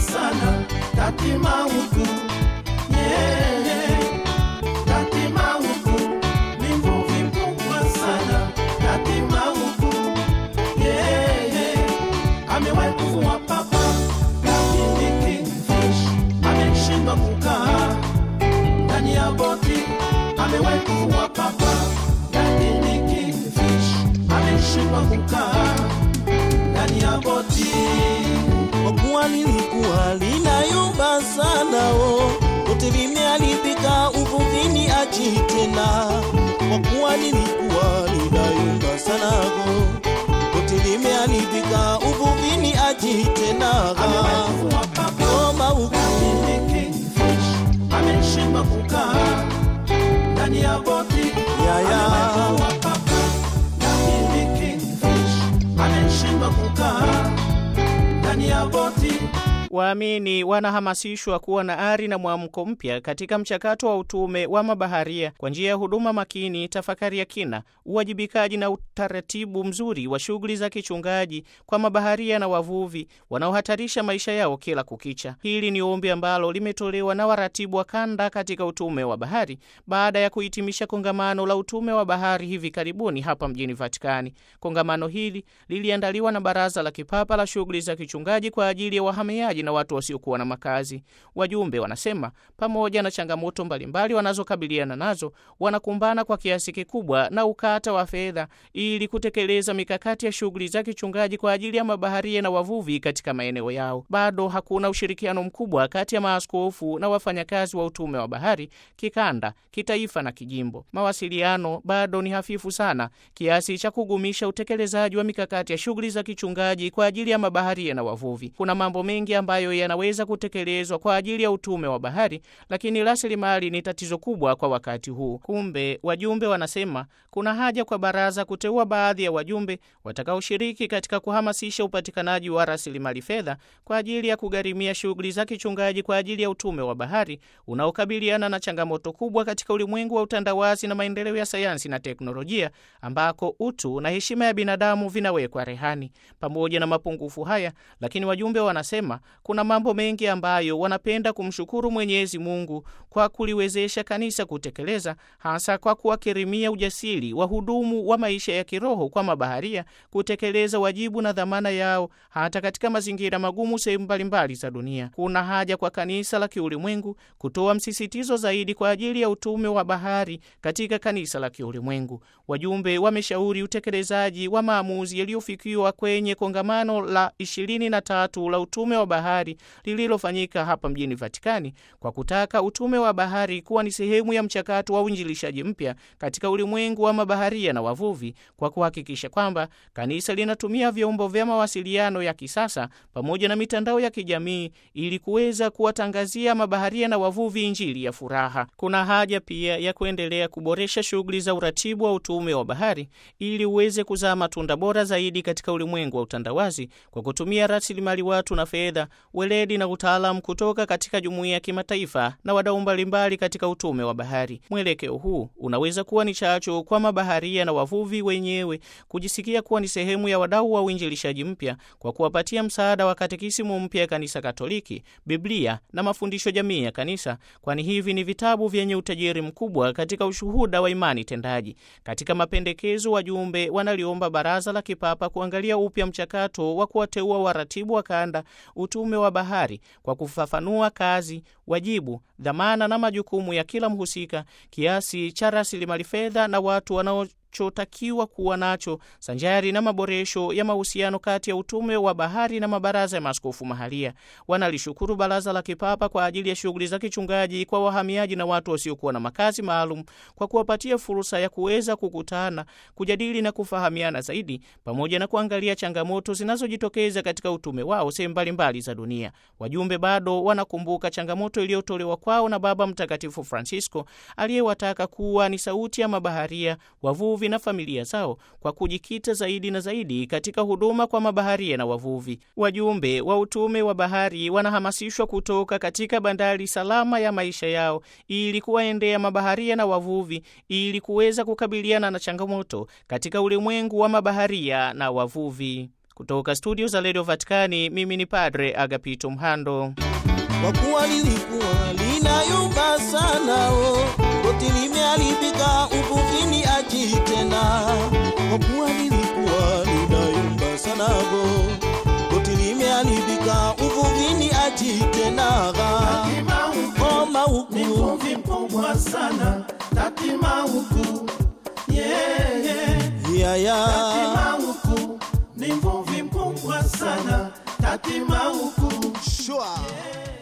sana tati mawuku yeah, yeah. tati mawuku ni mvuvi mkubwa sana tati mawuku yeah, yeah. amewahi kuvua papa lakini kingfish ameshindwa kukaa ndani ya boti amewahi kuvua papa lakini kingfish ameshindwa kukaa ndani ya kwa kuwa lilikuwa linayumba sana o oh. lote limeharibika uvuvini aji tena kwa kuwa lilikuwa sana o lote limeharibika uvuvini aji goma uku waamini wanahamasishwa kuwa na ari na mwamko mpya katika mchakato wa utume wa mabaharia kwa njia ya huduma makini, tafakari ya kina, uwajibikaji na utaratibu mzuri wa shughuli za kichungaji kwa mabaharia na wavuvi wanaohatarisha maisha yao kila kukicha. Hili ni ombi ambalo limetolewa na waratibu wa kanda katika utume wa bahari baada ya kuhitimisha kongamano la utume wa bahari hivi karibuni hapa mjini Vatikani. Kongamano hili liliandaliwa na Baraza la Kipapa la Shughuli za Kichungaji kwa ajili ya wahamiaji wahamiaji na watu wasiokuwa na makazi. Wajumbe wanasema pamoja na changamoto mbalimbali wanazokabiliana nazo, wanakumbana kwa kiasi kikubwa na ukata wa fedha ili kutekeleza mikakati ya shughuli za kichungaji kwa ajili ya mabaharia na wavuvi katika maeneo yao. Bado hakuna ushirikiano mkubwa kati ya maaskofu na wafanyakazi wa utume wa bahari kikanda, kitaifa na kijimbo. Mawasiliano bado ni hafifu sana kiasi cha kugumisha utekelezaji wa mikakati ya shughuli za kichungaji kwa ajili ya mabaharia na wavuvi. Kuna mambo mengi ambayo yanaweza kutekelezwa kwa ajili ya utume wa bahari, lakini rasilimali ni tatizo kubwa kwa wakati huu. Kumbe wajumbe wanasema kuna haja kwa baraza kuteua baadhi ya wajumbe watakaoshiriki katika kuhamasisha upatikanaji wa rasilimali fedha kwa ajili ya kugharimia shughuli za kichungaji kwa ajili ya utume wa bahari unaokabiliana na changamoto kubwa katika ulimwengu wa utandawazi na maendeleo ya sayansi na teknolojia, ambako utu na heshima ya binadamu vinawekwa rehani. Pamoja na mapungufu haya, lakini wajumbe wanasema kuna mambo mengi ambayo wanapenda kumshukuru Mwenyezi Mungu kwa kuliwezesha kanisa kutekeleza, hasa kwa kuwakirimia ujasiri wahudumu wa maisha ya kiroho kwa mabaharia kutekeleza wajibu na dhamana yao hata katika mazingira magumu sehemu mbalimbali za dunia. Kuna haja kwa kanisa la kiulimwengu kutoa msisitizo zaidi kwa ajili ya utume wa bahari katika kanisa la kiulimwengu. Wajumbe wameshauri utekelezaji wa maamuzi yaliyofikiwa kwenye kongamano la 23 la utume wa bahari bahari lililofanyika hapa mjini Vatikani kwa kutaka utume wa bahari kuwa ni sehemu ya mchakato wa uinjilishaji mpya katika ulimwengu wa mabaharia na wavuvi kwa kuhakikisha kwamba kanisa linatumia vyombo vya mawasiliano ya kisasa pamoja na mitandao ya kijamii ili kuweza kuwatangazia mabaharia na wavuvi injili ya furaha. Kuna haja pia ya kuendelea kuboresha shughuli za uratibu wa utume wa bahari ili uweze kuzaa matunda bora zaidi katika ulimwengu wa utandawazi kwa kutumia rasilimali watu na fedha weledi na utaalamu kutoka katika jumuiya ya kimataifa na wadau mbalimbali katika utume wa bahari. Mwelekeo huu unaweza kuwa ni chachu kwa mabaharia na wavuvi wenyewe kujisikia kuwa ni sehemu ya wadau wa uinjilishaji mpya kwa kuwapatia msaada wa katekisimu mpya ya Kanisa Katoliki, Biblia na mafundisho jamii ya Kanisa, kwani hivi ni vitabu vyenye utajiri mkubwa katika ushuhuda wa imani tendaji. Katika mapendekezo, wajumbe wanaliomba Baraza la Kipapa kuangalia upya mchakato wa kuwateua waratibu wa kanda utume Ufalme wa Bahari kwa kufafanua kazi, wajibu, dhamana na majukumu ya kila mhusika, kiasi cha rasilimali fedha na watu wanao kinachotakiwa kuwa nacho sanjari na maboresho ya mahusiano kati ya utume wa bahari na mabaraza ya maskofu mahalia. Wanalishukuru Baraza la Kipapa kwa ajili ya shughuli za kichungaji kwa wahamiaji na watu wasiokuwa na makazi maalum kwa kuwapatia fursa ya kuweza kukutana, kujadili na kufahamiana zaidi, pamoja na kuangalia changamoto zinazojitokeza katika utume wao sehemu mbalimbali za dunia. Wajumbe bado wanakumbuka changamoto iliyotolewa kwao na Baba Mtakatifu Francisco aliyewataka kuwa ni sauti ya mabaharia wavuvi wavuvi na familia zao kwa kujikita zaidi na zaidi katika huduma kwa mabaharia na wavuvi. Wajumbe wa utume wa bahari wanahamasishwa kutoka katika bandari salama ya maisha yao ili kuwaendea mabaharia na wavuvi ili kuweza kukabiliana na changamoto katika ulimwengu wa mabaharia na wavuvi. Kutoka studio za Radio Vatikani, mimi ni Padre Agapito Mhando. Kwa kuwa lilikuwa linayumba sana oh koti limeharibika, upufini aji tena, kwa kuwa sanago. Koti limeharibika, upufini aji koma huku ni mvuvi mkubwa sana, tatima huku yeah, sana, yeah.